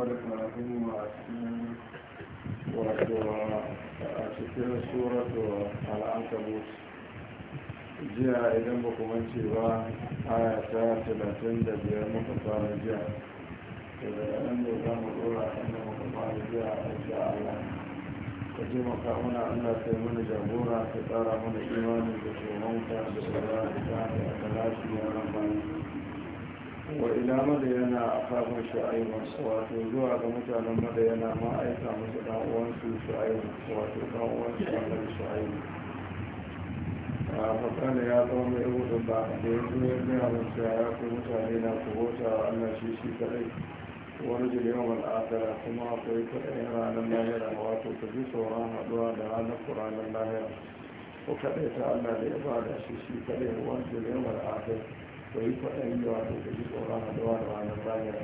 gaba da karatunmu a cikin wato a cikin suratu al'ankabut jiya idan ba ku mance ba aya ta talatin da biyar muka fara jiya daga ɗan da ɗora kan muka fara jiya a insha Allah ka je maka muna Allah sai mana jagora ka tsara mana imanin da tsoronka da tsara da ta da ta lafiya ran bayan wa ila madayana a kafin sha'ayin wasu zuwa ga mutanen madayana ma aika musu ɗan'uwansu sha'ayin wato ɗan'uwansu a kan sha'ayin a fakar da ya zama mai rubutun ba da ya zuwa ya gina musu ya fi mutane na kubuta a wannan shi shi kaɗai wani jirgin al'adara kuma akwai kaɗai ranar lahira wato ta ji sauran haɗuwa da ranar kuranar lahira ko kaɗai ta allah da ya ba da shi shi kaɗai wani jirgin ka yi kwaɗayi da wato ka ji tsoron haɗuwa da wani bayan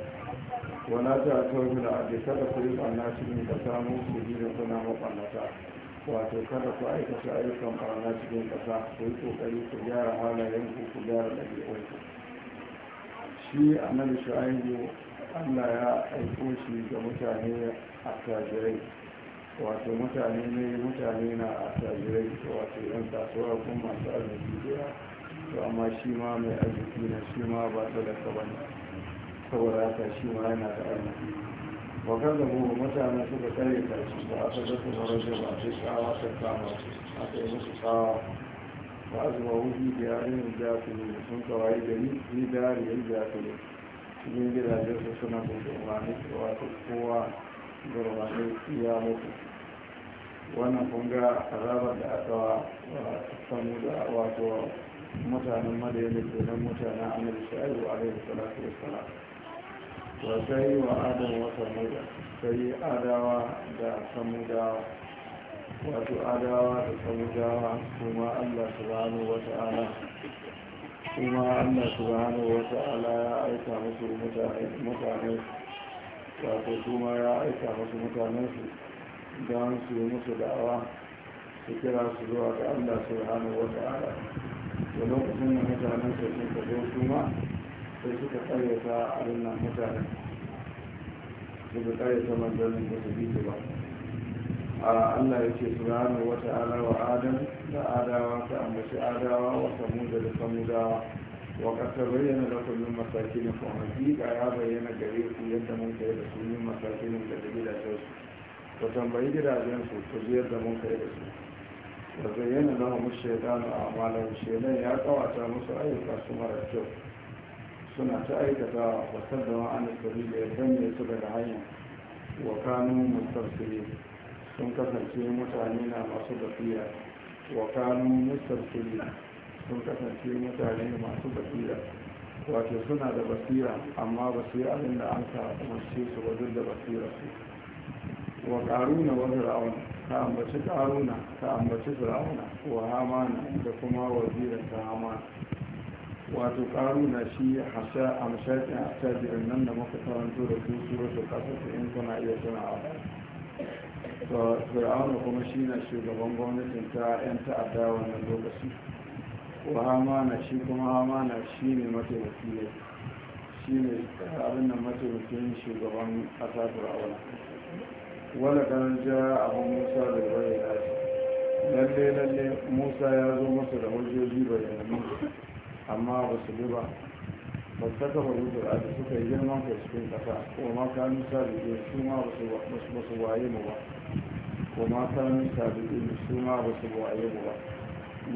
wala ta tauri da abu kada ku yi ɓanna cikin ƙasa mu ku ji da kuna maɓannata wato kada ku aikata ayyukan ɓanna cikin ƙasa ku yi ƙoƙari ku gyara halayenku ku gyara ɗabi'unku shi annabi shu'aibu allah ya aiko shi ga mutane a tajirai wato mutane ne mutane na a tajirai wato yan kasuwa kuma masu arziki da to amma shi ma mai arziki na shi ma ba talaka ba ne saboda haka shi ma yana da arziki kan da mu mutane suka tsare ta shi ba aka zafi da rage ba tsawa ta kama aka yi musu tsawa ba a zuba wuji da yarin ne, sun kawai da ni dariyar ne. cikin gidajen su suna gudunwani wato kowa ne, ya mutu wannan kunga azabar da aka wa samu da wato mutanen madayana nan mutanen annabi shu'aibu alaihi salatu wassalam wa sai wa adam wa samuda sai adawa da samudawa wato adawa da samudawa kuma Allah wata wata'ala kuma Allah wata ala ya aika musu mutane wato kuma ya aika musu mutanensu don su yi musu da'awa su kira su zuwa ga Allah wata ala da lokacin da mutanen su sun ka zo su ma sai suka karyata abin nan mutanen suka karyata manzannin da su bisu ba Allah ya ce subhanahu wata alawa adam da adawa ta ambaci adawa wa bayyana da samudawa وقد تبين mun kai da su yin بينا قريب يد من كيد من مساكنكم كتبيل أساس وتنبيه راجعين سوء تزيد kai da su. da bayyana na mu shaidan a amalan shaidan ya kawata musu ayyuka su mara kyau suna ta aikata wasar da ma'anar sabi da ya danye su daga hanyar wa kanun mustarfili sun kasance mutane na masu tafiya wa kanun mustarfili sun kasance mutane masu basira wato suna da basira amma ba su yi abin da an ka umarce su wajen da basira su wa ƙaru na wani ra'auna ka ambaci karuna ka ambaci fir'auna wa hamana da kuma wazirin ta hamana wato karuna shi hasha a mashaƙin a tajirin nan da muka karanto da su suratul kasar in kuna iya tunawa to fir'auna kuma shi na shugaban gwamnatin ta 'yan ta'adda wannan lokaci wa hamana shi kuma hamana shi ne mataimaki ne shi ne abin nan mataimakin shugaban ƙasa fir'auna wala kan ja abu musa da bai ake lalle lalle musa ya zo masa da hujjoji bayanannu amma ba su bi ba ba su saka barutar ake suka yi girman kai cikin kasa kuma ma kanu sabiɗe su ma ba su waye mu ba kuma kanu sabiɗe su ma ba su waye mu ba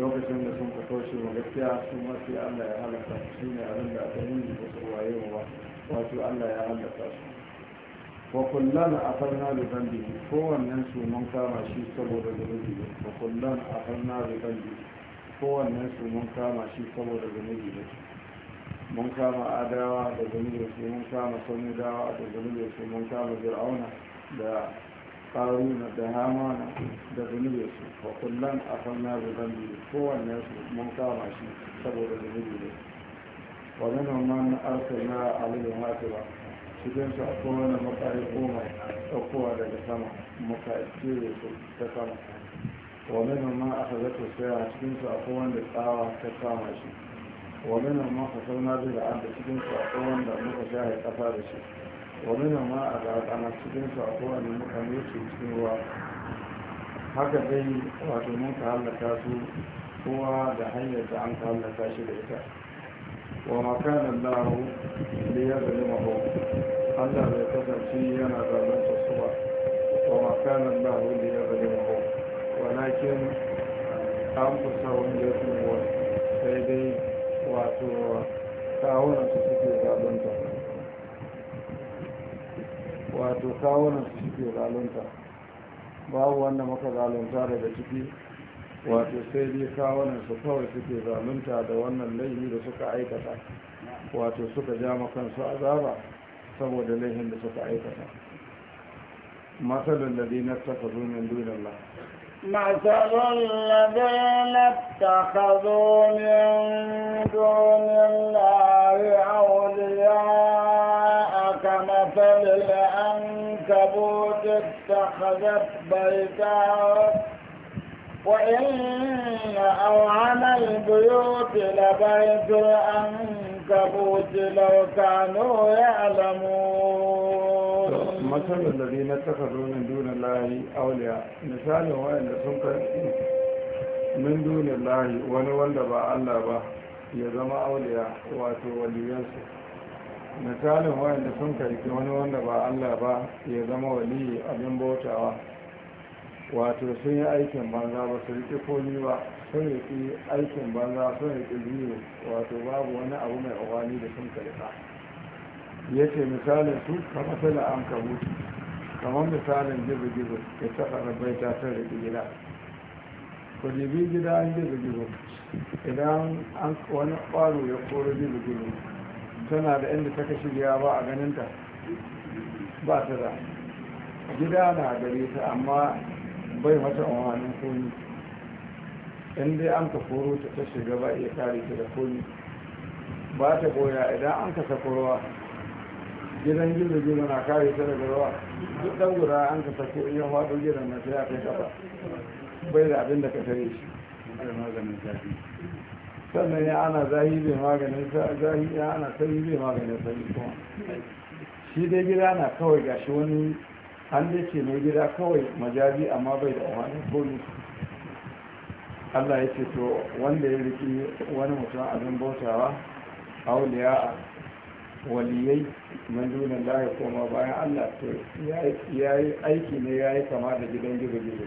lokacin da sun fito shi ma gaskiya su mafi allah ya halaka shi ne abin da aka yi da su waye mu ba wato allah ya halaka su wa kullana afarna bi zambi kowannen su mun kama shi saboda zunubi ne wa zambi kowannen su mun kama shi saboda zunubi ne mun kama adawa da zunubi su mun kama dawa da zunubi su mun kama fir'auna da karuna da hamana da zunubi su wa kullana afarna bi zambi kowannen su mun kama shi saboda zunubi ne cikin su akwai wani makari goma ɗaukowa daga sama muka cire su ta sama wani ma aka zato sai a cikin su akwai wanda tsawa ta sama shi wani ma ka sauna bi da da cikin su akwai wanda muka ya kasa da shi wani ma a gaɗana cikin su akwai wanda muka nuce cikin ruwa haka dai wato mun ka hallaka su kowa da hanyar da an ka hallaka shi da ita وما كان الله ليظلمه الله لا تدرسي أنا ظلمت الصبح وما كان الله ليظلمه ولكن أنفسهم يظلمون سيدي واتوا kawunan su ظلمت واتوا wato kawunan ظلمت ba wannan maka zalunta daga ciki wato sai dai kawunan su kawai suke zalunta da wannan laifin da suka aikata wato suka ja makansu azaba saboda laifin da suka aikata masalin da da dinar ta kazo min dunin la مثل ya اتخذوا من دون الله أولياء كمثل العنكبوت اتخذت بيتها وإن أوعم البيوت لبيت العنكبوت لو كانوا يعلمون مثل الذين اتخذوا من دون الله أولياء مثال أن سنك من دون الله ونولد با الله با يزم أولياء واتو وليانسو misalin wayanda sun karki wani wanda ba Allah ba ya zama wali abin bautawa wato sun yi aikin banza ba su riƙe komi ba sun riƙe aikin banza sun riƙe biyu wato babu wani abu mai ƙwani da sun karɓa ya ce misalin su kamar sala an kamu, kamar misalin gizo-gizo ya taɓa rabai ta sun riƙe gida ku dibi gida an gizo-gizo idan an wani ƙwaro ya koro gizo-gizo tana da inda ta kashi ba a ganinta ba ta da gida na gare ta amma bai mata umarnin komi in dai an ka koro ta ta shiga ba iya kare ta da komi ba ta koya idan an ka sako ruwa gidan gizo gizo na kare ta daga ruwa duk dan guda an ka sako iya faɗo gidan na ta ya kai kafa bai da abin da ka tare shi sannan ya ana zahi bai maganin zahi ya ana sanyi bai maganin sanyi kuma shi dai gida na kawai gashi wani an da ce mai gida kawai majabi amma bai da umarni musu. allah ya ce to wanda ya riki wani mutum abin bautawa a waliyai mandunan da laye koma bayan allah to ya yi aiki ne ya yi kama da gidan gida gida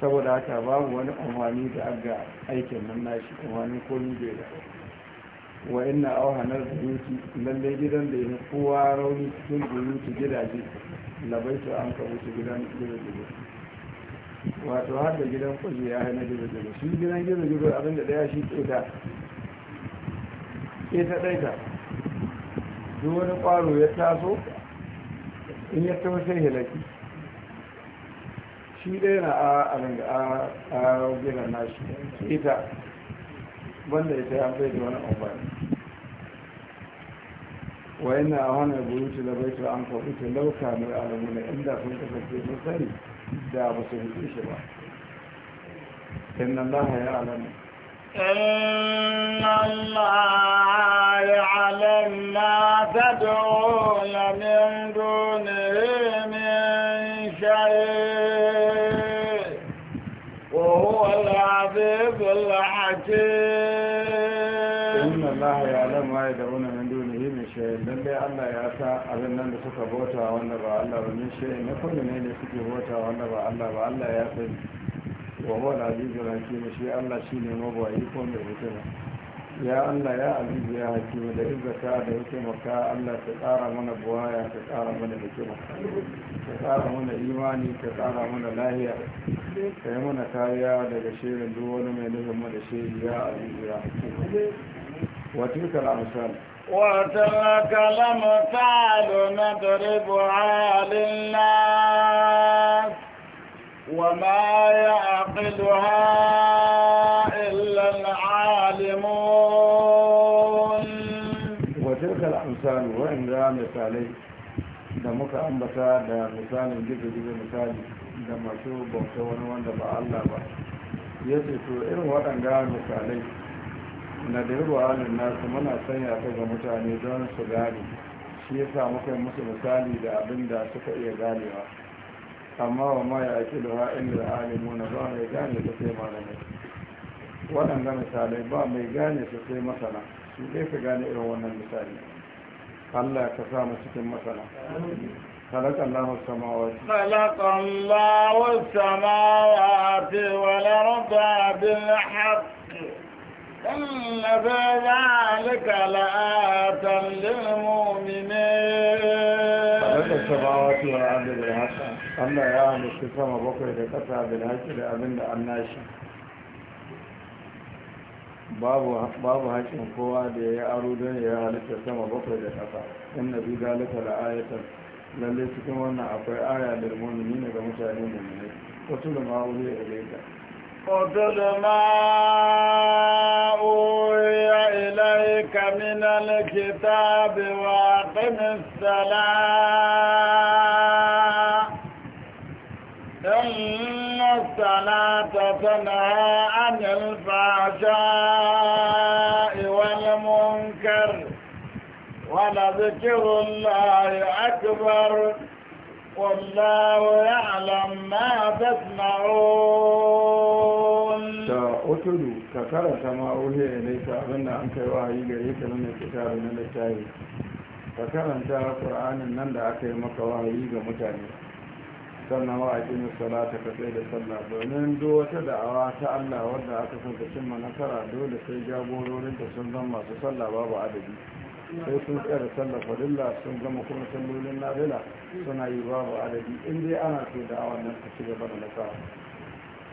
saboda haka babu wani umarni da aga aikin nan nashi umarni komi bai da wa ina auhanar buyuti lallai gidan da yin kowa rauni cikin buyuti gidaje labaitu an ka wuce gidan gizo-gizo wato har da gidan kwaje ya hana gizo-gizo shi gidan gizo-gizo da daya shi ke ta ɗaita duk wani ƙwaro ya taso in ya taho sai halaki shi ɗaya na a a gidan nashi ta banda ita ya bai da wani amfani wa yana a wani buyuti da baitu an kawuta lauka mai alamu na inda sun kasance sun sani da ba su hutsu shi ba inna allaha ya alamu إن الله يعلم ما تدعون من دونه من شيء وهو العزيز الحكيم Allah ya lamma ya dauna min dunihi min shay'in dan dai Allah ya sa abin nan da suka bauta wanda ba Allah ba min shay'in na kullu ne ne suke bauta wanda ba Allah ba Allah ya sani wa huwa al-azizul ne shi Allah shi ne mabawi ko mai hikima ya Allah ya azizu ya hakim da izzaka da hikima ka Allah ka tsara mana buwaya ka tsara mana hikima ka tsara mana imani ka tsara mana lahiya ka yi mana kariya daga shirin duk wani mai nufin mu da shi ya azizu ya hakim وتلك الأمثال وتلك الأمثال نضربها للناس وما يعقلها إلا العالمون وتلك الأمثال وإن ذا مثالي da muka ambata da misalin gizo misali da masu bauta wani wanda ba Allah ba ya ce to irin waɗanda misalai na da yarwa alin nasu muna sanya ta ga mutane don su gane shi ya sa muka yi musu misali da abin da suka iya ganewa amma wa ma ya ake da da alimu na ba mai gane su sai malamai waɗanda misalai ba mai gane su sai masana su dai ka gane irin wannan misali allah ka sa mu cikin masana خلق الله السماوات خلق الله السماوات والأرض بالحق إن في ذلك لآية للمؤمنين ya السماوات والأرض بالحق da يا أهل السماء بكرة لقطع بالحق لأمن الناشي babu haƙin kowa da ya yi aro don ya halitta sama bakwai da ƙasa in na bi da da ayatar lalle cikin wannan akwai aya da mumini ga mutane mummuni wasu da a lagos وتل ما أوي إليك من الكتاب وأقم الصلاة إن الصلاة تنهى عن الفحشاء والمنكر ولذكر الله أكبر والله يعلم ما تصنعون ta Otudu, ka karanta ma ohe ya laika abinda an kai wahayi gare ka nuna da na littafi ka karanta qur'anin nan da aka yi maka wahayi ga mutane sannan wa aqimu salata ka tsaye da sallah domin duk wata da'awa ta Allah wadda aka san ta cimma nasara dole sai jagororin ta sun zama masu sallah babu adadi sai sun tsaya da sallah fadilla sun zama kuma sallolin nafila suna yi babu adadi in dai ana so awa nan ta ci gaba da nasara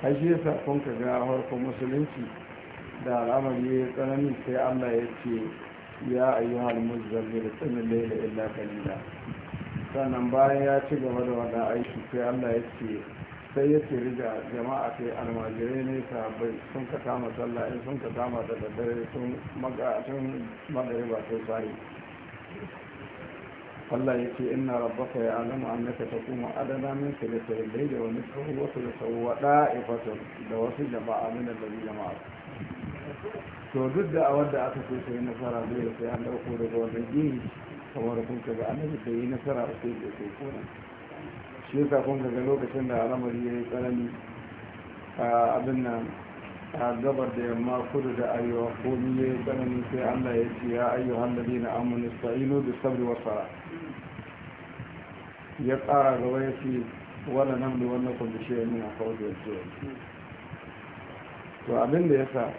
har shi yasa kun ka ga harkar musulunci da al'amari ya yi tsanani sai allah ya ce ya ayi ayyuhal da tsanin laila illa kalila sannan bayan ya ci gaba da wada aiki sai allah ya ce sai ya ce riga jama'a sai almajirai ne sahabbai sun ka kama sallah in sun ka kama da daddare sun magariba sai sai Allah ya ce inna rabbaka ya alama an ta kuma adana min salatil layli wa nisfahu wa thuluthahu wa da'ifatan da wasu jama'a min alladhi jama'a to duk da a da aka ce sai nasara dole sai an dauko daga wannan gini kamar kun ga annabi sai yi nasara a sai da sai kona shi yasa kun ga lokacin da al'amari ya yi tsanani a abin nan a gabar da yamma kudu da arewa komi ya yi tsanani sai Allah ya ce ya ayyuhan ladina amanu ista'inu bis sabri was salah ya tsara gaba ya fi wala nan da wannan kwanci shi yana kawai da yake to abin da ya sa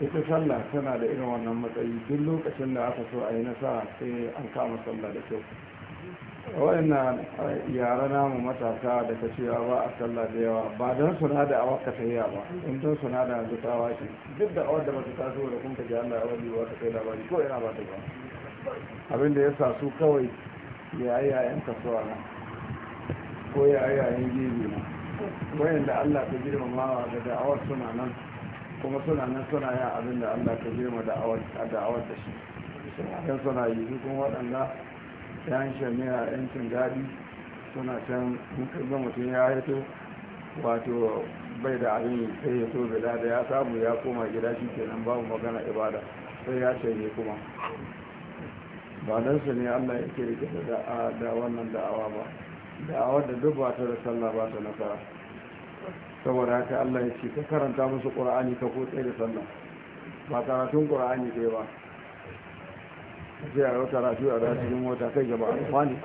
ita sallah tana da irin wannan matsayi duk lokacin da aka so a yi nasara sai an kama sallah da kyau na eh, yara namu matasa da ka cewa ba a sallah da yawa ba don suna da awa ka tsaye ba in don suna da yanzu ta wace duk da awar da ba ta taso da kun ka ji Allah ya wani ba ta kai labari ko ina ba ta ba abin da ya sa su kawai ya yi yayan kasuwa nan ko yayayen gebe na wayanda allah ka girmamawa da da'awar suna nan kuma suna nan suna yin abin da allah ka girma da'awar da shi yan suna yi dukkan waɗanda yan shamiya yancin gadi suna can ga mutum ya haito wato bai da abin yi sai ya so bila da ya samu ya koma gida shi kenan babu magana ibada sai ya shanye kuma ba don su ne allah ya yake rike da wannan da'awa ba da a wadda duk ta da sallah ba ta nasara saboda haka Allah ya ce ka karanta musu ƙura'ani ka kotse da sallah ba karatun ƙura'ani kai ba sai a rauta rafi a rafin mota kai gaba a kwani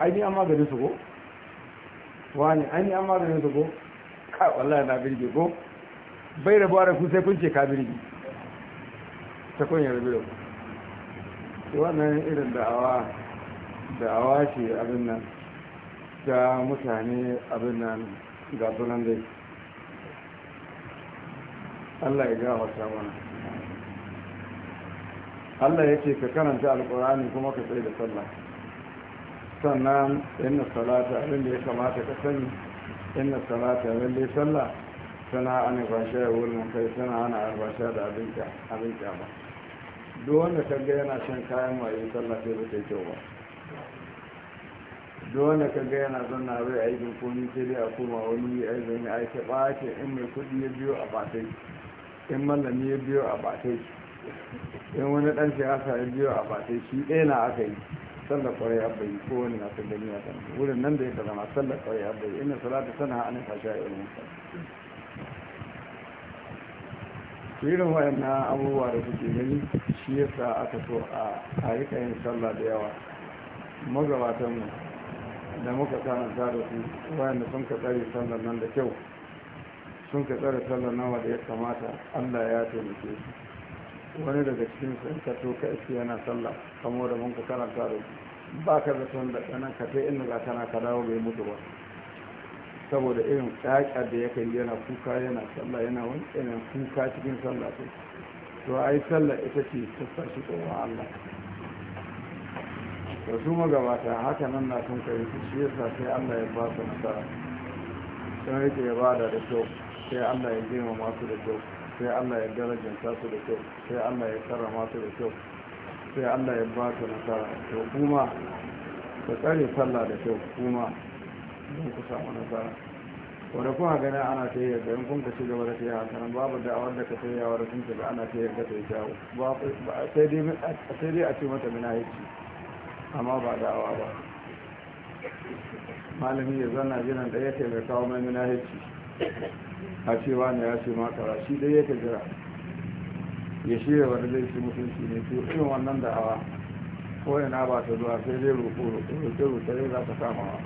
aini an magani su ko wani aini an magani su ko ka wallahi na birge ko bai rabuwa da kun sai kun ce ka birge ta kun yi rabu da ku wannan irin da'awa a washe abin nan ta mutane abin nan ga sunan dai Allah ya gafarta mana Allah ya ce ka karanta alkur'ani kuma ka tsaye da sallah sannan inna salata abin da ya kamata ka sani inna salata lalle sallah tana ana basha ya wurin kai tana ana albasha da abin ba. duk wanda ka ga yana shan kayan waye sallah sai ba ta kyau ba dole ka ga yana na zai aikin komi sai dai a koma wani aikin a aike ɓace in mai kudi ya biyo a batai in mallami ya biyo a batai in wani ɗan siyasa ya biyo a batai shi ɗaya na aka yi sallar kwarai abai ko wani na sun gani a kan wurin nan da ya zama sallar kwarai abai ina salata sana an fasha ya ilmi irin wayannan abubuwa da suke gani shi yasa aka so a harika yin sallah da yawa magabatanmu da muka tananta da su wayanda sun ka tsare sallar nan da kyau sun ka tsare sallar nawa da ya kamata allah ya taimake su wani daga cikin sun ka to ka iske yana sallah kamo da mun ka karanta da su ba ka da sun da ɗanan ka ta inda za kana ka dawo bai mutu ba saboda irin ƙaƙa da ya kai yana kuka yana sallah yana wani irin kuka cikin sallah to ai sallah ita ce ta shi tsoron allah da su magabata haka nan na sun kai su shi yasa sai allah ya ba su nasara sun rike ya bada da kyau sai allah ya girmama su da kyau sai allah ya darajanta su da kyau sai allah ya karrama su da kyau sai allah ya ba su nasara to kuma ka tsare sallah da kyau kuma don ku samu nasara wanda kuma gani ana ta yi yadda in kun ka ci gaba da ta yi hankalin babu awar da ka ta yi yawar sun ka ga ana ta yi yadda ta yi jawo sai dai a ce mata mina yi ci amma ba awa ba malami ya zana jiran da yake mai kawo mai minahici a cewa na ya ce makara shi dai yake jira ya shirya wani zai ci mutunci ne to irin wannan da'awa ko na ba ta zuwa sai zai roƙo roƙo roƙo za ta kama wa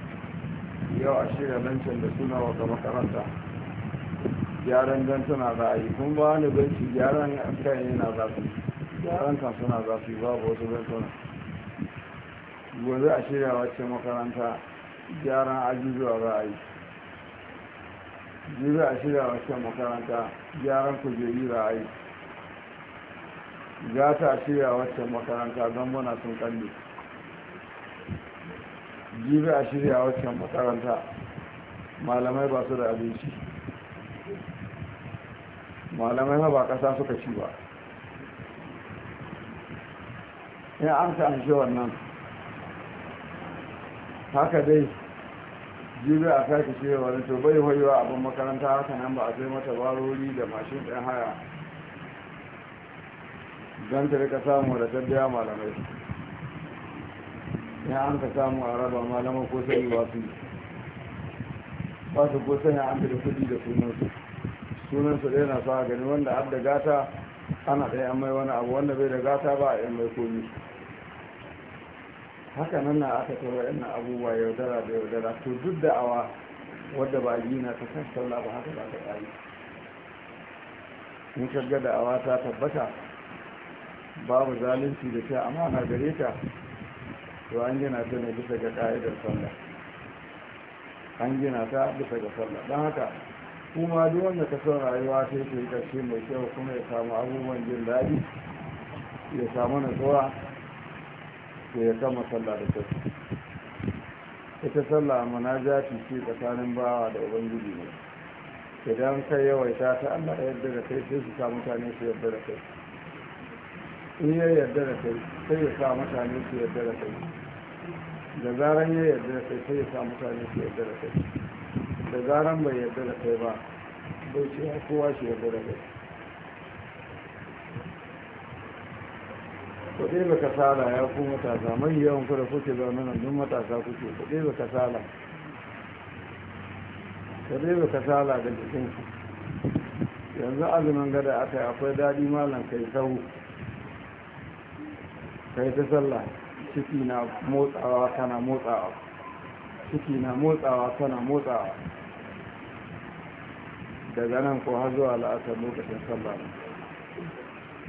yau a shirya lancin da suna ga makaranta gyaran don tana za a yi kun ba wani banki gyaran kayan yana za su gyaran kan suna za su yi babu wasu don gobe a shirya wacce makaranta gyaran ajizuwa za a yi gwanzu a shirya wacce makaranta gyaran kujeri za a yi za ta shirya wacce makaranta don muna sun kalli jibi a shirya wacce makaranta malamai ba su da abinci malamai ma ba kasa suka ci ba Ya an ta an shi wannan haka dai jibi a kaki ce wani to bai hoyewa abin makaranta haka nan ba a sai mata barori da mashin ɗin haya don ta rika samu da tabbiya malamai ya an ka samu a raba malamai ko sai ba su ba su ko sai an da kudi da sunansu sunansu ɗaya na sa gani wanda abu da gata ana ɗaya mai wani abu wanda bai da gata ba a yan mai komi haka nan na aka tura yana abubuwa yaudara da yaudara to duk da awa wadda ba yi na ta kan sallah ba haka ba ta ƙari in shagga da awa ta tabbata babu zalunci da ta amana gare ta to an gina ta ne bisa ga ƙa'idar sallah an gina ta bisa ga sallah don haka kuma duk wanda ka son rayuwa sai ta yi ƙarshe mai kyau kuma ya samu abubuwan jin daɗi ya samu natsuwa to ya kama sallah da kyau ita sallah munajati ce tsakanin bawa da ubangiji ne idan kai yawaita ta Allah ya da kai sai su sa mutane su yadda da kai in ya yadda da kai sai ya sa mutane su yadda da kai da zaran ya yadda da kai sai ya sa mutane su yadda da kai da zaran bai yadda da kai ba bai ce kowa shi yadda da kai ku ba kasala ya ku matasa mai yawan ku da kuke zaune nan duk matasa kuke ku ba kasala ku ba kasala da jikinku yanzu azumin gada aka yi akwai daɗi malam kai sau kai ta sallah ciki na motsawa kana motsawa ciki na motsawa kana motsawa daga nan ko har zuwa la'asar lokacin sallah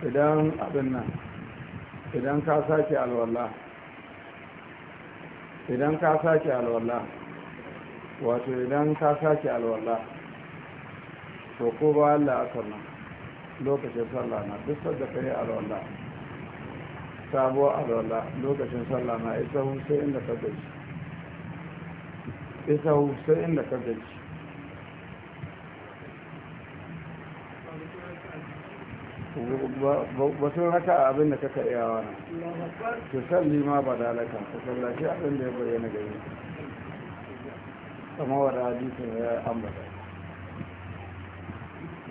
idan abin nan idan ka sake alwallah idan ka sake alwallah wato idan ka sake alwallah to ko ba Allah asar lokacin sallah na duk sadda ka yi alwallah sabuwa alwallah lokacin sallah na isa sai inda ka gaji isa sai inda ka gaji batun haka abin da kaka na to salli ma ba da alaka ka sallaci abin da ya bayyana gari kama wa da hadisun ya ambata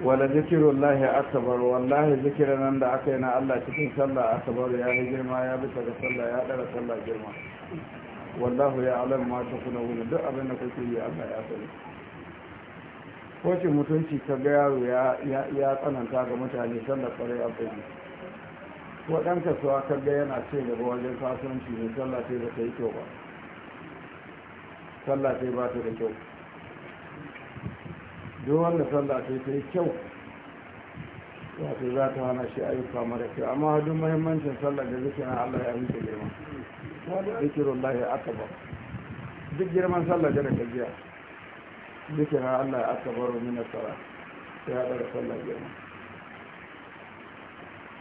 wala zikirun lahi akabar wallahi zikirin nan da aka yi na allah cikin sallah asabar ya yi girma ya bisa ga sallah ya ɗara sallah girma wallahu ya alam ma ta kuna wuni duk abin da kuke yi allah ya sani wace mutunci ka ga yaro ya tsananta ga mutane sanda kwarai abin waɗanka suwa ka ga yana ce gaba wajen kasuwanci ne sallah da ba ta yi kyau ba sallah ba ta da kyau duk wanda sallah ta yi kyau wato za ta hana shi ayyuka mara kyau amma duk mahimmancin sallah da na allah ya rike girma wani lahi aka ba duk girman sallah da da gajiya Allah ذكر الله أكبر من الصلاة في هذا الصلاة جميعا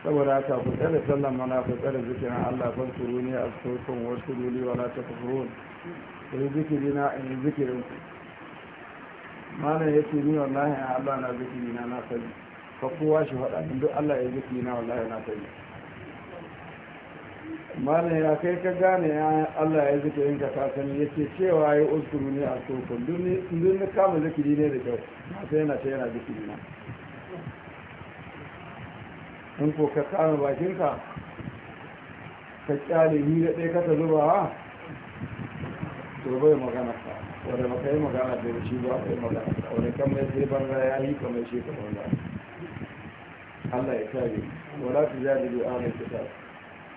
saboda haka ku tsare sallan mana ku tsare zikirin Allah ban turu ne a sokon wasu duli wala ta kufurun ku yi zikiri na in zikirin ku malam ya ce ni wallahi Allah na zikiri na na sani fa kowa shi faɗa duk Allah ya zikiri na wallahi na sani malam ya kai ka gane ya Allah ya zika yin ka sani ya ce cewa ya uskuru ne a tsokon duk na kama zikiri ne da kyau masu yana ta yana zikiri na in ko ka kama bakinka ka kyale ni da ɗaya kata zuba ha to bai magana ka wadda ba ka yi magana da shi ba yi magana ka wanda kan mai sai banza ya yi kamar shi ka banza, Allah ya kare wadda su jadi du'a mai kitab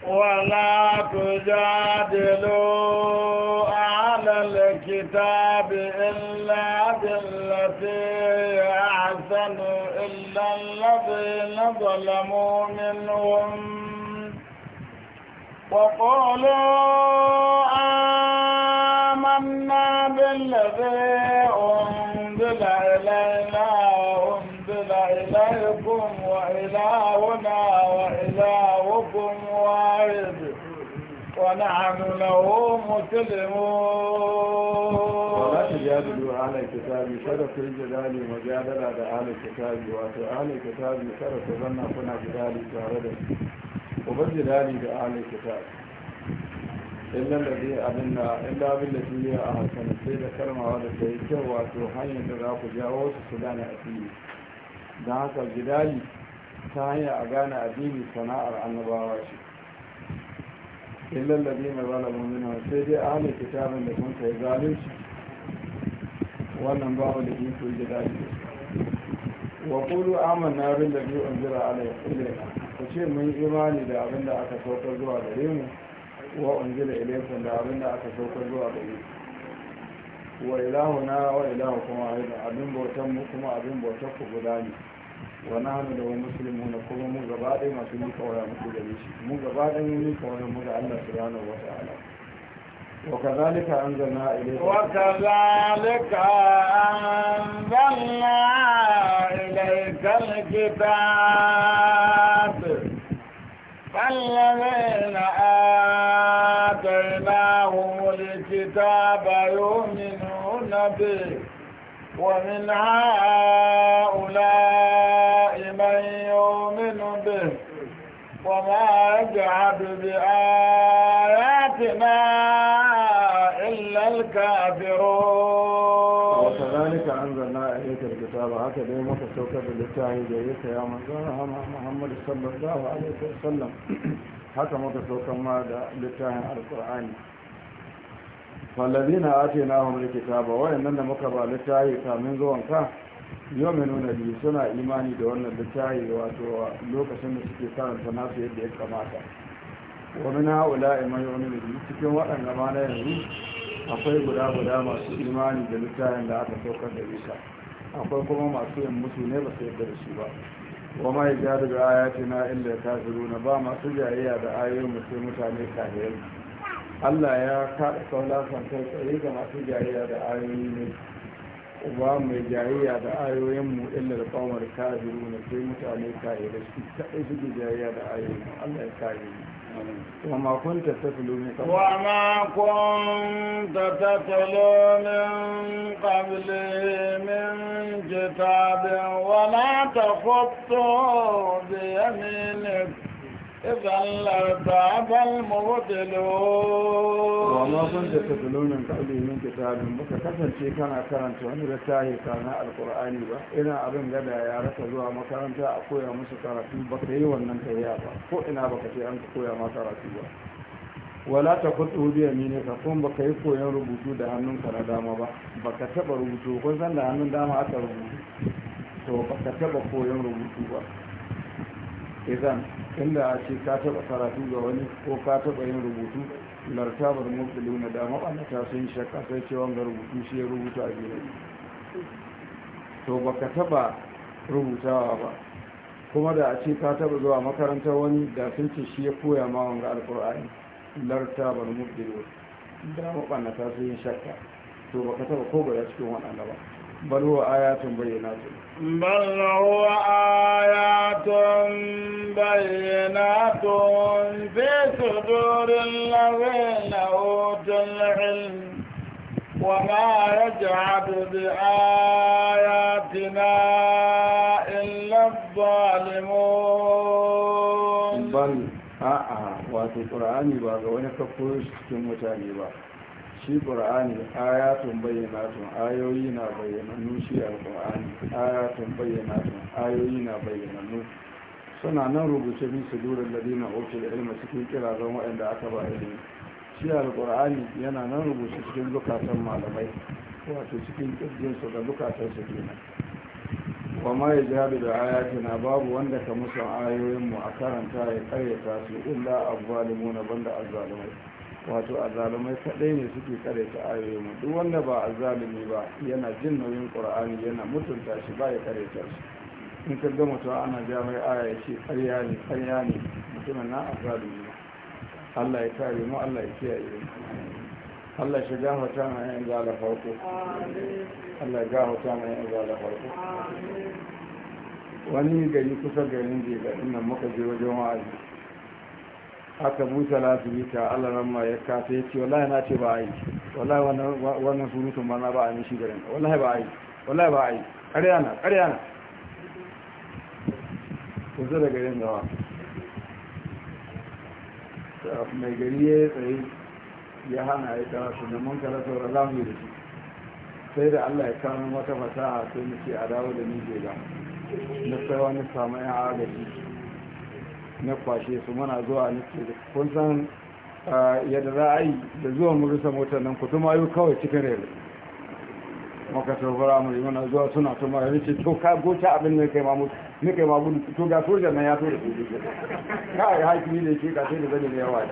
ولا تجادلوا على الكتاب إلا بالتي أحسن إلا الذين ظلموا منهم وقولوا آمنا بالذي ونحن له مسلمون ولا تجادلوا أهل الكتاب شرف الجدال مجادلة أهل الكتاب وأهل أهل الكتاب شرف ظن كنا جدالي تاردة وبالجدالي بأهل الكتاب إلا الذي أبنى إلا بالتي هي أحسن السيدة كلمة هذا السيد وأتوحي أن تغاق جاوز السودان أتيه دعاك الجدالي ta hanyar a gane addini sana'ar annabawa shi illa ladina zalamu minhu sai dai ahli kitabin da kun kai zalunci wannan babu da iko da dalili wa qulu amanna bil ladhi unzila ilayna ku ce mun imani da abin da aka sauka zuwa gare mu wa unzila ilaykum da abin da aka sauka zuwa gare mu wa ilahuna wa ilahukum aidan abin bautan mu kuma abin bautar ku guda ne wa nahnu da muslimuna kuma mu gaba ɗaya masu mika waya muku gare shi mu gaba ɗaya waya wa وكذلك أنزلنا إليك وكذلك أنزلنا إليك الكتاب فالذين آتيناهم الكتاب يؤمنون به ومن هؤلاء مؤمن به وما يجعب بآياتنا إلا الكافرون وكذلك أنزلنا إليك الكتاب هكذا متسوكة بالإتعاد جيدة يا منزل محمد صلى الله عليه وسلم هكذا متسوكة ماذا على القرآن فالذين آتيناهم الكتاب وإننا مكبر للتعيث من ذو أنكاه yominuna biyu suna imani da wannan littafi wato lokacin da suke karanta nasu yadda ya kamata Wani na haula yomi da biyu? cikin waɗanda ma na yanzu akwai guda guda masu imani da littafin da aka saukar da isa akwai kuma masu yin musu ne ba su yadda da shi ba wa ma ya da ya illa runa ba masu jayayya da ayoyin mutum mutane kafirai Allah ya kaɗa kaula kai tsaye ga masu jayayya da ayoyi ne وما جاهية دعايو يمو إلا القومر كاذرون في متعني كاهرة شكتائف جاهية دعايو الله كاهرين وما كنت تتلو من قبل وما كنت تتلو من قبل من جتاب ولا تخطو بيمينك إذا لارتاب المبطلون وما كنت تتلو من قبله من كتاب بك كسن شي كان كرنت وانا لتاهي كان القرآن با إنا أبن غدا يا رسلوا ما كرنت أقويا مسكرتي بطري وننت يا با فإنا بكتي أنت قويا ما كرنت با wala ta kudu biya mine ka kun baka yi koyon rubutu da hannunka na dama ba baka taba rubutu kun san da hannun dama aka rubutu to baka taba koyon rubutu ba idan inda a ce ka taɓa karatu ga wani ko ka taɓa yin rubutu larta lartabar mutsulu na dama ɓanata sun shakka sai ce wanga rubutu shi ya rubuta a gidan to ba ka taɓa rubutawa ba kuma da a ce ka taɓa zuwa makarantar wani da sun ce shi ya koya ma wanga alkur'ani lartabar mutsulu dama ɓanata sun shakka to ba ka taɓa ko ba ya cikin waɗanda ba balwa ayatun bayyana su بل هو آيات بينات في صدور الذين أوتوا العلم وما يجعد بآياتنا إلا الظالمون بل آه آه. ƙura'ani القرآن يبقى وين kakko كم mutane يبقى shi qur'ani ayatun bayyanatun ayoyi na bayyanannu shi alƙur'ani ayatun bayyanatun ayoyi na bayyanannu suna nan rubuce bin su durin ladina da ilma cikin kirazan waɗanda aka ba ilimi shi alƙur'ani yana nan rubuce cikin lukatan malamai wato cikin ƙirjinsu da zukatan su kenan kuma ya jabi da na babu wanda ka musu ayoyinmu a karanta ya karyata su illa na banda azzalumai wato azalumai kadai ne suke kare ta ayoyin mu duk wanda ba azalumi ba yana jin nauyin qur'ani yana mutunta shi ba ya kare ta shi in ka ga mutum ana ja mai aya ya ce karya ne karya ne mutumin na azalumi ba Allah ya kare mu Allah ya kiyaye mu Allah shi gafarta na yan zala farko Allah ya gafarta na yan zala farko wani gari kusa garin jiga inda muka je wajen wa'azi haka busa lafiyika allah ramma ya kasa ya ce wallahi na ce ba a yi wallahi wannan surutun ba na ba a yi shi garin wallahi ba a yi wallahi ba a yi ƙarya na ƙarya na kusa da garin dawa mai gari ya yi tsaye ya hana ya dawa su da mun kala sauran lamu da shi sai da allah ya kama wata fasaha sai mu ce a dawo da ni na tsaye wani samu yan agaji na kwashe su mana zuwa nake kun san yadda za a yi da zuwa mu rusa motar nan ku yi kawai cikin rere maka tofara mu mana zuwa suna yi ce to ka goce abin mai kai ma mutu ne kai ma to ga soja nan ya tura da a ka yi ne da shi ka sai da zane da yawa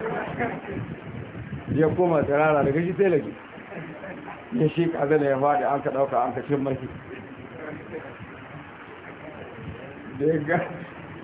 ya koma tarara daga shi sai lagi ya shi ka zane ya faɗi an ka ɗauka an ka cin marki da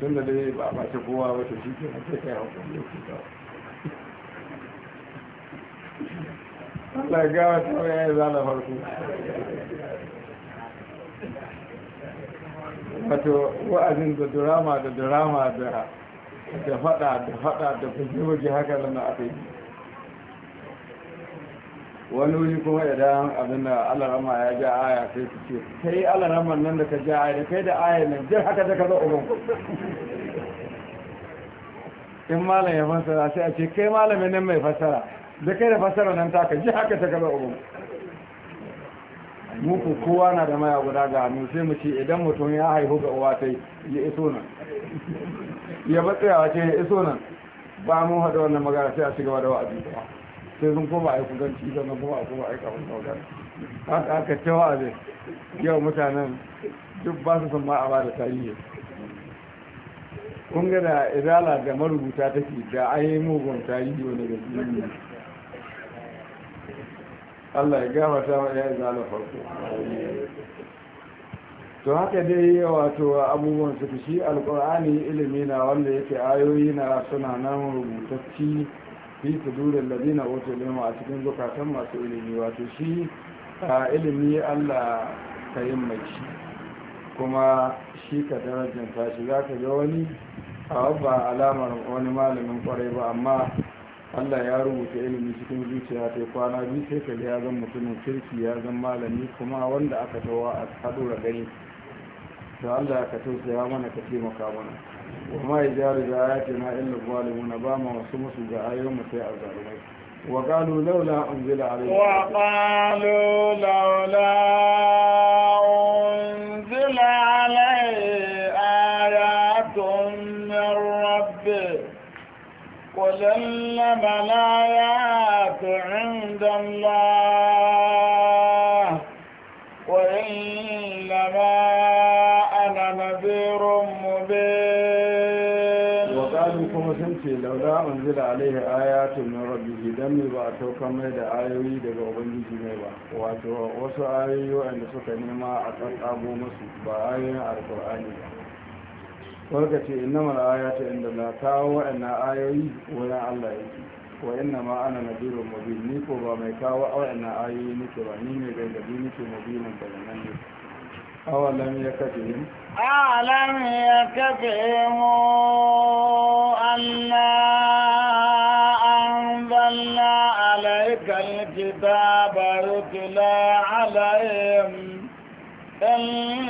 tun da dai ba ba ta kowa wata shi ke na kai hankali da ce kawo Allah gawa ta mai ya zana farko wato wa'azin da durama da durama da da fada da fada da fujiyoji haka lana a kai wani wuri kuma idan abin da alarama ya ja aya sai su ce kai alaraman nan da ka ja aya da kai da aya nan jir haka ta kaza uban in malam ya fassara sai a ce kai malamin nan mai fassara da kai da fassara nan taka ji haka ta kaza uban muku kowa na da maya guda ga hannu sai mu ce idan mutum ya haihu ga uwa ta ya iso nan ya batsaya wace ya iso nan ba mu haɗa wannan magana sai a ci gaba da wa'azi sai sun koma a kudanci sannan kuma a kuma a yi kafin Ba haka aka cewa zai yau mutanen duk ba su san ma a ba da tarihi kun gada idala da marubuta ta ke, da an yi mugun tarihi wani da yi Allah ya gabata wa ya izala farko to haka dai wato abubuwan su shi alkur'ani ilimi na wanda yake ayoyi na suna nan rubutacci fi sudurin ladina wato lima a cikin zukatan masu ilimi wato shi a ilimi allah ka yi mai shi kuma shi ka darajanta shi za ka ga wani a ba alamar wani malamin kwarai ba amma allah ya rubuta ilimi cikin zuciya ta kwana biyu sai ka ya zan mutumin kirki ya zan malami kuma wanda aka tawa a haɗura gani da allah ka tausaya mana ka taimaka mana وما يجار بآياتنا إلا الظالمون باما وسمس بآيهم في الظالمين وقالوا لولا أنزل عليه وقالوا لولا أنزل عليه آيات من ربه قل إنما الآيات عند الله ce laula unzila alaihi ayatun min rabbih dan mai ba a mai da ayoyi daga ubangiji ne ba wato wasu ayoyi wanda suka nema a tsatsago musu ba ayoyin alqur'ani ba Farka ce innamal ayatu inda la kawo wa'annan ayoyi wurin Allah yake wa inna ma ana nadirun mubin ni ko ba mai kawo wa'annan ayoyi nake ba ni ne gargadi nake ba nan ne أولم يكفهم أعلم يكفهم أن أنزلنا عليك الكتاب يتلى عليهم إن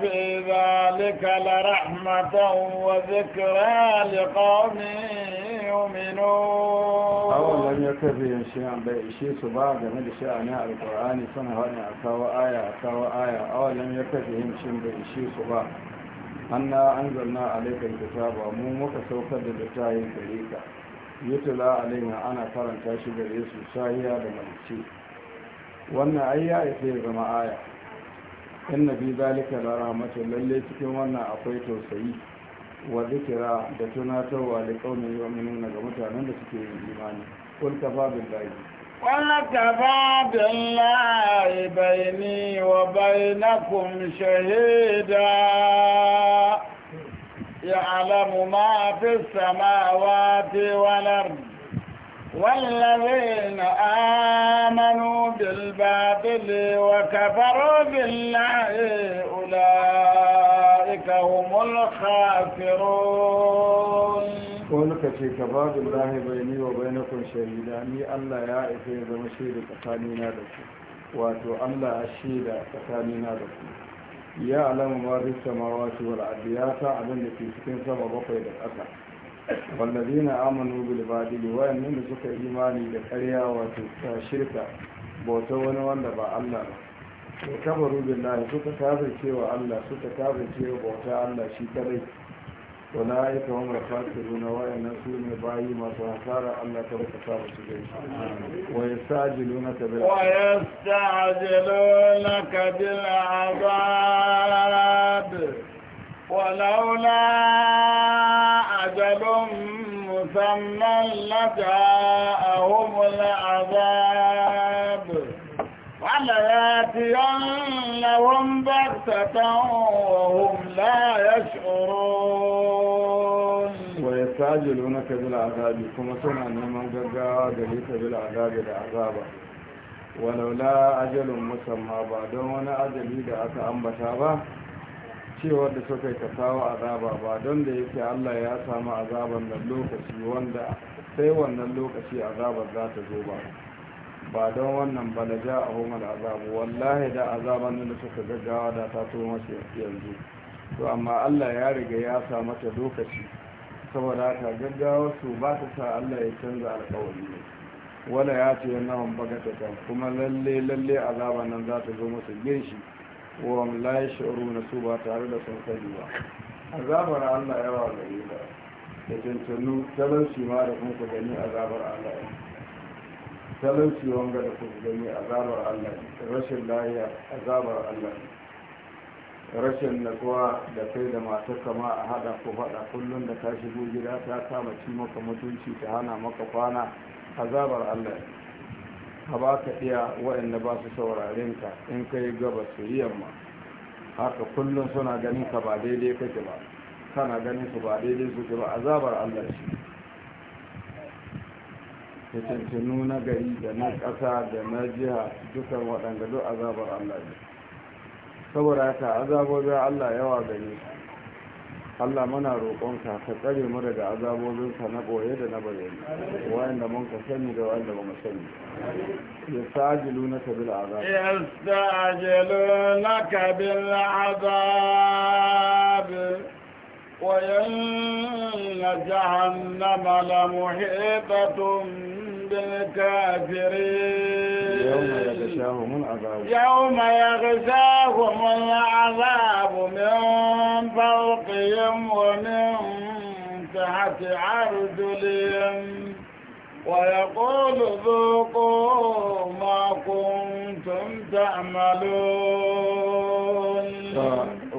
في ذلك لرحمة وذكرى لقوم A wajen lanyan karfe yashin ba ishesu game da sha'ani a Alƙur'ani sama wani a kawo aya a ba ishesu saukar da littafin da ya yi ana karanta shi da Yesu, sahiya daga wuce. Wannan ayyaye sai ya zama aya. Yannabi bali ka lallai cikin wannan akwai tausayi. wa zikira da tunatarwa da kaunin yawon na ga mutanen da suke imani kun kafa bin bayi wani kafa bai ni wa bai na kun shahida ya alamu ma fi samawa fi wanar wallazin amanu bilbabili wa kafaro bin layi ula أولئك هم الخاسرون قولك في كباب الله بيني وبينكم شهيدا ني الله يا إفي زمشيد تقانينا لكم واتو الله أشيد تقانينا لكم ya alamu ma fi samawati wal ardi ya sa abin da ke cikin sama bakwai da ƙasa wallazina amanu bil badili wayannan da suka imani da ƙarya wato ta shirka bauta wani wanda ba Allah kafaru billahi suka kafirce wa Allah suka kafirce wa bauta Allah shi kadai wala ya kawo mara fasiru na wayannan su ne bayi masu hasara Allah ta baka sa su gai wa yastajiluna ka bil wa yastajiluna ka bil azab ولولا أجل مسمى لجاءهم العذاب ولياتينهم بغتة وهم لا يشعرون ويستعجلونك بالعذاب كما سنة من غغاوة دليك بالعذاب العذاب ولولا أجل مسمى بعدون أجل إذا أتى أنبتا cewar da suka ka kawo azaba ba don da yake Allah ya samu azaban nan lokaci wanda sai wannan lokaci azabar za ta zo ba ba don wannan ba da ja a da azabu wallahi da azaban da suka gaggawa da ta to masu yanzu to amma allah ya riga ya sa mata lokaci saboda haka gaggawa su ba ta sa allah ya canza alkawari ne wala ya ce yana hun kan kuma lalle lalle azaban nan za ta zo masu gin shi wani layi shi'uru na su ba tare da sun sani ba azabar allah yawa gare ba da cancanu shi ma da kuma gani azabar allah talauci wanga da kuka gani azabar Allah rashin lahiya azabar Allah rashin natsuwa da kai da masu kama a hada ku fada kullum da ta shigo gida ta kama ci maka mutunci ta hana maka kwana azabar Allah ka ba ka iya waɗanda ba su saurarin ka in ka yi gaba su yi yamma haka kullum suna ganin ka ba daidai kake ba kana ganin su ba daidai suke ba azabar Allah shi tuntunu na gari da na ƙasa da na jiha dukan waɗanda duk azabar Allah ne saboda haka azabobin Allah yawa gare Allah muna roƙonka ka tsare mu daga azabobinka na ɓoye da na bayyana da mun ka sani da wanda ba mu sani ya azab wa yan بالعذاب وإن la لمحيطة للكافرين يوم يغزاهم العذاب من فوقهم ومن تحت عرجلهم ويقول ذوقوا ما كنتم تعملون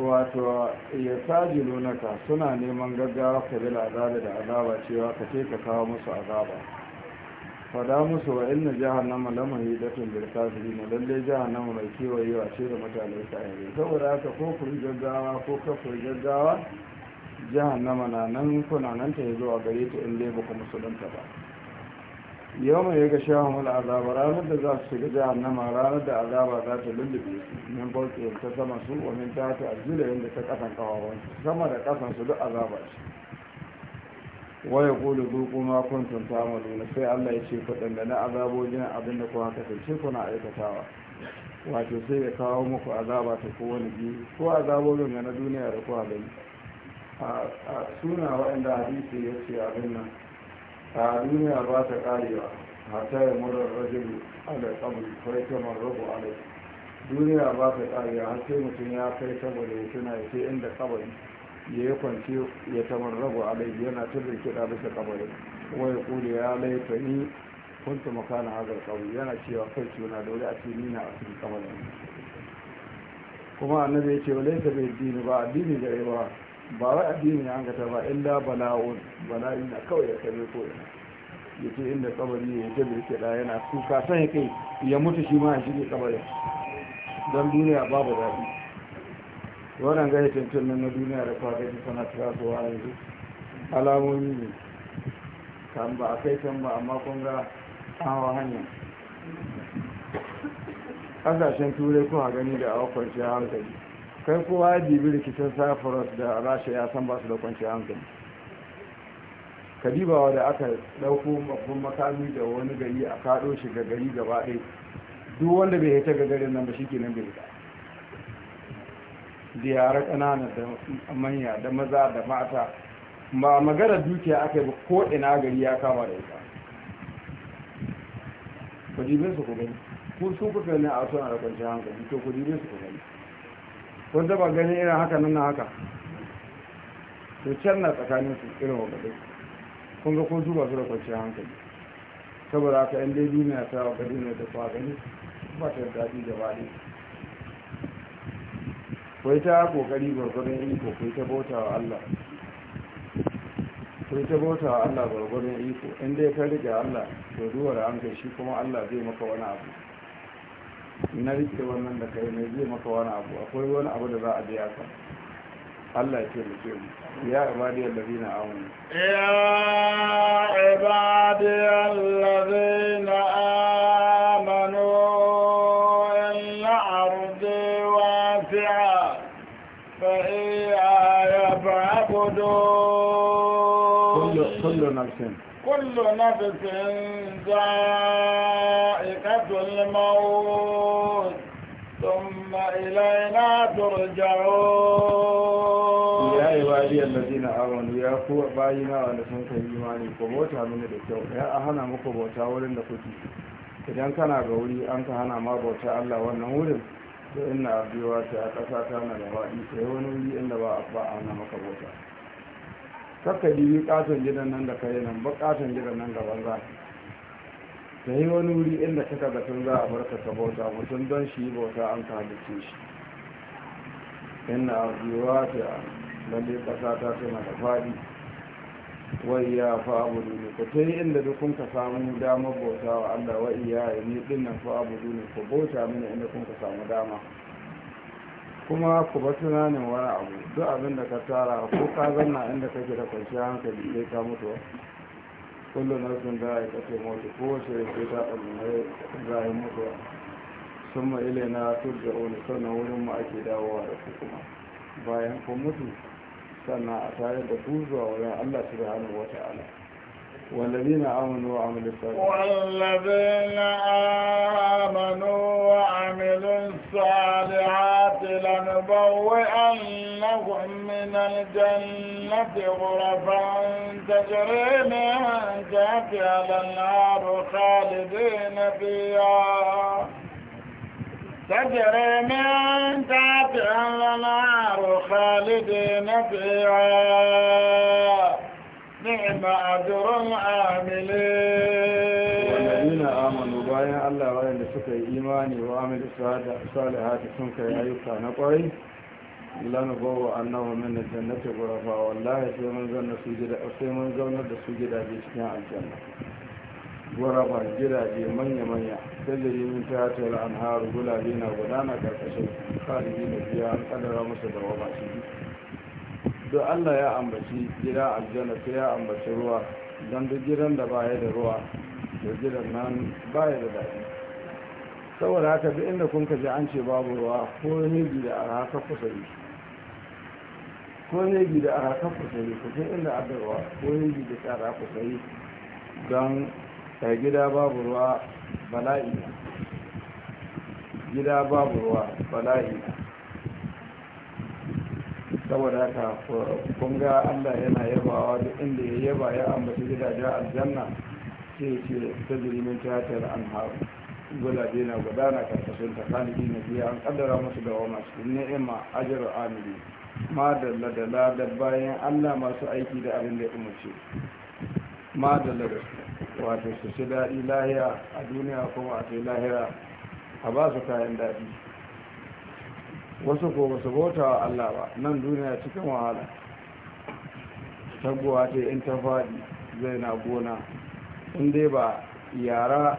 wato ya saji lunaka suna neman gaggawa ka bi da azaba cewa ka ce ka kawo musu azaba fada musu wa inna jahannama lama hidatun bil kafirin lalle jahannama mai kewayewa ce da mutane yi saboda haka ko ku gaggawa ko ka ku gaggawa jahannama na nan kuna nan ta zo a gare ta in dai baka musulunta ba yau mai yaga shahun azaba ranar da za su shiga jahannama ranar da azaba za ta lullube su min bauki ta sama su wa min ta ta yadda ta kasan kawawan sama da kasan su duk azaba ce waya kulu duku ma kuntum ta'maluna sai Allah ya ce ku dangane azabojin abinda kuka kasance na aikatawa wato sai ya kawo muku azaba ta kowane biyu ko azabojin ga na duniya da kuka gani a suna waɗanda hadisi ya ce abin nan a duniya ba ta karewa hatta ya murar rajulu ala kabul kai ta marrabu alai duniya ba ta karewa har sai mutum ya kai saboda ya tuna ya ce inda kabari ya yi kwanci ya a laifi yana turbin kiɗa bisa kabarin wai kuli ya laifa ni kuntu makana hazar kabari yana cewa kai suna da wuri a ce nina a cikin kabarin kuma annabi ya ce wa laifa bai dini ba addini da yawa ba wai addini ya hankata ba illa bala'un bala'in na kawai ya kame ko ya ce inda kabari ya jabe kiɗa yana kuka san ya kai ya mutu shi ma ya shige kabarin don duniya babu daɗi wannan gaya tuntun nan na duniya da gaji sana tasowa yanzu alamomi ne kan ba a kai can ba amma kun ga hawa hanya ƙasashen turai kuma gani da awa kwanciyar hankali kai kowa ya dibi rikicin cyprus da rasha ya san ba su da kwanciyar hankali kadibawa da aka ɗauko babban makami da wani gari a kaɗo shi gari gaba ɗaya duk wanda bai hita ga garin nan ba shi kenan bai hita da yara ƙanana da manya da maza da mata ba magana dukiya aka yi ba ko ina gari ya kama da ita ku dibe su ku gani ku su kuka ne a suna da kwanci hankali to ku dibe su ku gani kun taba gani irin haka nan na haka to can na tsakanin su irin wakadai kun ga kun zuba su da kwanci hankali saboda haka yan dai duniya ta wakadai ne da gani, ba ta daɗi da ba kwai ta kokari gwargwadon iko kwai ta bauta wa Allah kai ta bauta wa Allah gwargwadon iko inda ya kai rike Allah to duwar an kai shi kuma Allah zai maka wani abu na rike wannan da kai mai zai maka wani abu akwai wani abu da za a biya ka Allah ya ce mu ya ibadi allazina amanu ya ibadi allazina نفس ذائقة الموت ثم إلينا ترجعون يا عبادي الذين آمنوا يا كو باينا wanda sun kai imani ko bauta mini da kyau ya a hana maka bauta wurin da kuke idan kana ga wuri an ka hana ma bauta Allah wannan wurin to ina abiwa ta ƙasa ta na da waɗi sai wani wuri inda ba a hana maka bauta kakka dibi katon gidan nan da kai nan ba katon gidan nan da banza ta yi wani wuri inda kaka zaton za a barka ka bauta mutum don shi yi bauta an ka halittu shi a zuwa ta lalle kasa ta tana da faɗi wai ya fa abu ne ku ta yi inda duk kun ka samu damar bauta wa allah wai ya yi ni ɗin nan fa abu ne ku bauta mini inda kun ka samu dama kuma ku ba tunanin wani abu duk abin da ka tara ko ka zanna inda kake da kwanciyar hankali sai ka mutu kullu nafsin da ya kace mutu ko da ke ta a yi mutu sun ma da wani sannan wurin mu ake dawowa da su. kuma bayan ku mutu sannan a tare da ku zuwa wurin Allah wata ala. والذين آمنوا وعملوا الصالحات والذين آمنوا وعملوا الصالحات لنبوئنهم من الجنة غرفا تجري من تحتها الأنهار خالدين فيها تجري من تحتها الأنهار خالدين فيها نعم أجر العاملين والذين آمنوا بايا الله وإن سكى إيماني وعمل الصالحات سنك أيوكا نقري لنبو أنه من الجنة غرفا والله في من ظن سجد في من ظن سجد في سناء الجنة غرفا جدا في من يمن تجري من تحت الأنهار غلابين غلانا كالكشف خالدين فيها قدر مصدر وباشرين Don allah ya ambaci gida aljanna sai ya ambaci ruwa don duk gidan da baya da ruwa da gidan nan baya da daɗi saboda haka duk inda kun kaji an ce babu ruwa ko ne da a haka kusa yi ko ne da a haka kusa yi kusa inda a ruwa ko gida da tsara kusa yi don ta gida babu ruwa bala'i gida babu ruwa bala'i saboda haka kun ga allah yana yabawa duk inda ya yaba ya ambaci gidajen aljanna ce ce ta jirimin tiyatar an haru gulabe na gudana karkashin ta kalibi na biya an kaddara musu da wama su ni'ima ajiyar amiri ma da ladala da bayan allah masu aiki da abin da ya umarci ma da ladala wato su shi daɗi lahira a duniya kuma a ce lahira a ba su kayan daɗi wasu ko ba su bauta wa Allah ba nan duniya cikin wahala tabbuwa ta in ta faɗi zai na gona in dai ba yara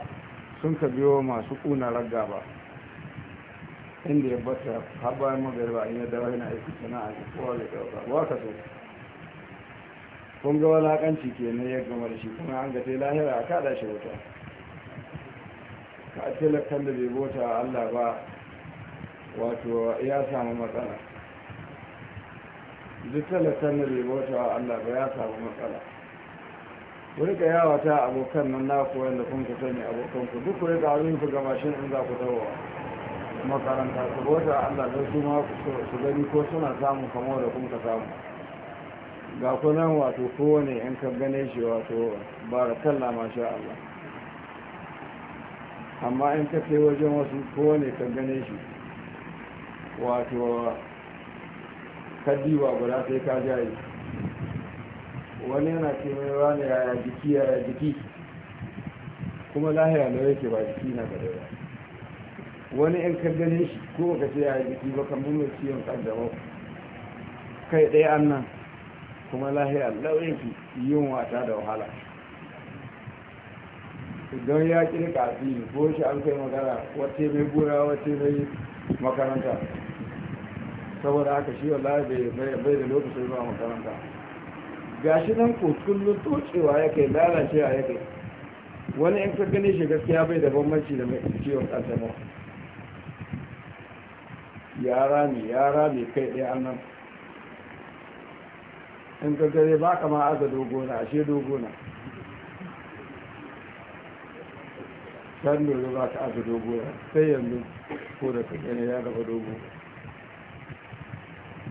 sun ka biyo masu ƙuna ragga ba inda ya bata har bayan magariba in yadda wani aiki sana'a da kowa da ɗauka ba ka so kun ga walakanci ke ne ya gama da shi kuma an ga lahira a kada shi wuta ka ce lakkan da bai bota Allah ba wato ya samu matsala duk talatar na ribota wa allah ba ya samu matsala wani ka yawa ta abokan nan na kuwa yadda kun ku sani abokan ku duk ku rika abin ku ga mashin in za ku dawo makaranta ku wa allah don su ma su gani ko suna samun kamo da kun ka samu ga kunan wato kowane yan ka gane shi wato barakalla masha allah amma in ka kai wajen wasu kowane ka gane shi wato kaddiwa guda sai ka jaye wani yana ce mai rana yaya jiki yaya jiki kuma lahiya na yake ba jiki na gada ba wani yan kaddane shi ko ka ce yaya jiki ba kan mun ciwon kaddamau kai ɗaya an nan kuma lahiya lauyaki yin wata da wahala don ya kirka asiri ko shi an kai magana wace mai gura wace mai makaranta saboda aka shi wallahi bai da lokacin zuwa makaranta gashi nan ko kullum tocewa ya kai lalacewa ya kai wani in ka gane shi gaskiya bai da bambanci da mai ciwon kansa yara ne yara ne kai ɗaya annan in ka gare ba kama ma aza dogona ashe dogona san dole ba ka aza dogona sai yanzu ko da ka ne ya gaba dogona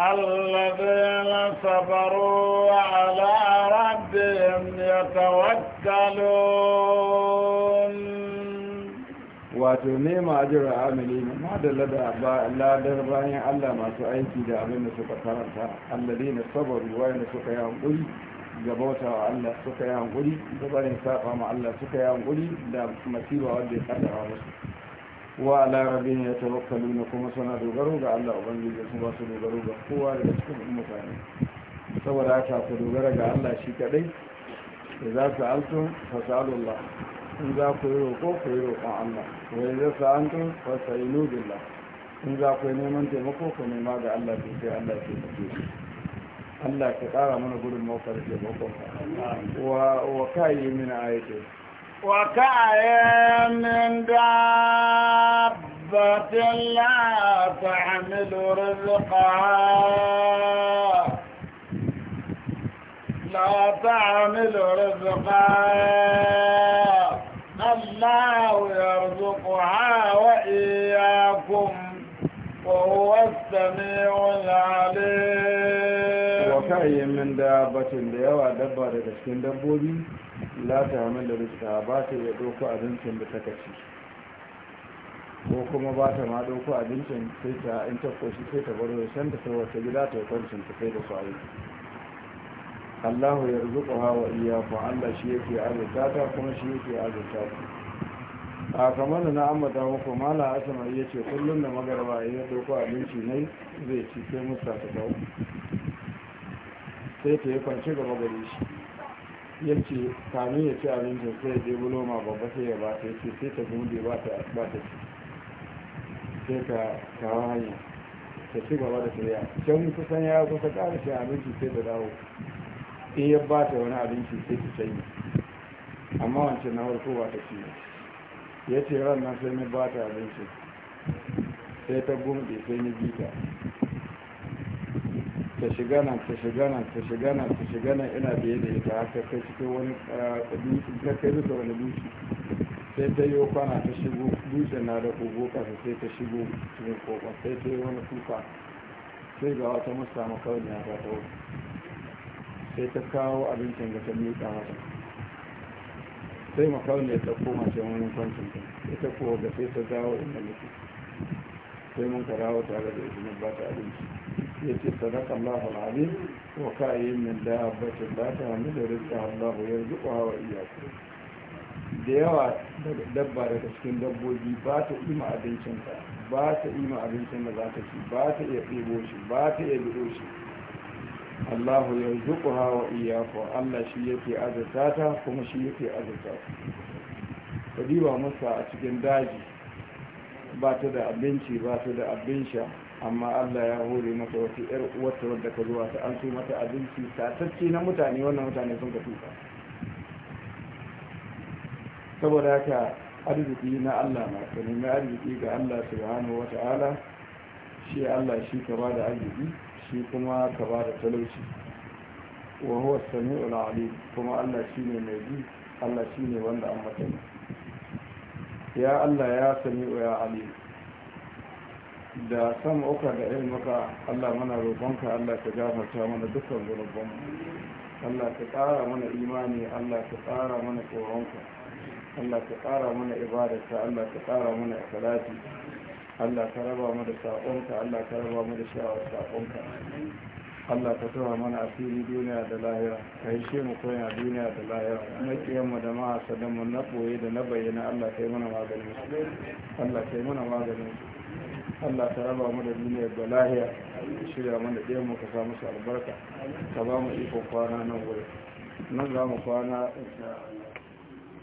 الذين صبروا على ربهم يتوكلون wato nema ajiyar amili na madalla da ladar bayan allah masu aiki da abin da suka karanta alladi na sabaru wayan suka yi hankuri ga bautawa allah suka yi hankuri da barin ma allah suka yi hankuri da masiba wadda ya kaddara masu. wa ala rabbihim yatawakkaluna kuma suna dogaro ga Allah ubangiji su ba su dogaro ga kowa da cikin mutane saboda haka ku dogara ga Allah shi kadai da za su antun fasalullah in za ku yi roƙo ku yi roƙon Allah wai za su anto fasainu billah in za ku yi neman taimako ku nema ga Allah ke sai Allah ke tafi Allah ka ƙara mana gudun mawakar taimakon ka wa kayi mina ayyakin وكأي من دابة لا تحمل رزقها لا تعمل رزقها الله يرزقها وإياكم وهو السميع العليم وكأي من دابة ليوى دبر الاسكين دبوبي la ta hamila rizka ba ta iya ɗauko abincin da ta kaci ko kuma ba ta ma ɗauko abincin sai ta in ta koshi sai ta bar shan ta sai wata gida ta kwancin ta sai da su ayi Allahu ya rubuta hawa iyaku Allah shi yake azurta ta kuma shi yake azurta ku a kamar da na ambata muku mala asama iya ce kullum da magarba ya ɗauko abinci ne zai ci sai ta kawo sai ta yi kwanci gaba gare shi ya ce kamin ya ci abincin sai ya je buloma babba sai ya bata ya ce sai ta gudu ba ta ba ta ci sai ka kawo hanya ta ci gaba da tsariya can kusan ya kusa ƙara shi abinci sai ta dawo in ya ba ta wani abinci sai ta canyi amma wancan na farko ba ta ci ya ce ran nan sai ni ba ta abinci sai ta gumɗe sai na bita ta shiga nan ta shiga nan ta shiga nan ta shiga nan ina biye da ita haka kai cikin wani ah, dutse ta kai bisa wani dutse sai ta yi kwana ta shigo dutse na da kogo kasa sai ta shigo cikin kogon sai ta yi wani kuka sai ga wata musta makauniya ta tawo sai ta kawo abincin ga ta miƙa mata sai ne ta koma ce wani kwancin ta ita kuwa ga sai ta dawo inda mutu sai mun ka tare da izinin ba ta abinci يتي صدق الله العظيم وكأي من دابة لا تحمل رزقها الله ta hannu da ya da yawa dabba daga cikin dabbobi ba ta ima abincinta ba ta ima abincin da za ta ci ba ta iya ɗebo shi ba ta iya bido shi allahu ya zuku hawa iyakwa allah shi yake azurta ta kuma shi yake azurta ta ku diba masa a cikin daji ba ta da abinci ba ta da abin sha amma Allah ya hore mata wata ƴar wata wadda ka zuwa ta an mata abinci tatacce na mutane wannan mutane sun ka tuka saboda haka arziki na Allah na ka nemi arziki ga Allah subhanahu Ta'ala, shi Allah shi ka ba da arziki shi kuma ka ba da talauci wa huwa sami'ul alim kuma Allah shi ne mai bi Allah shi ne wanda an mata ya Allah ya sami'u ya alim da sama uka da ilmuka Allah mana roƙonka Allah ka gafarta mana dukkan zunubanmu Allah ka ƙara mana imani Allah ka ƙara mana tsoronka Allah ka ƙara mana ibadarsa Allah ka ƙara mana salati Allah ka raba mana da saƙonka Allah ka raba mana da sha'awar saƙonka Allah ka tura mana fili duniya da lahira ka yi shi mu koya duniya da lahira na kiyanmu da mahasadan mu na koye da na bayyana Allah ka yi mana maganin Allah ka yi mana maganin Allah ta raba mu da duniyar da lahiya shirya da ɗaya mu ka samu musu albarka ka ba mu ikon kwana nan wuri nan za mu kwana in Allah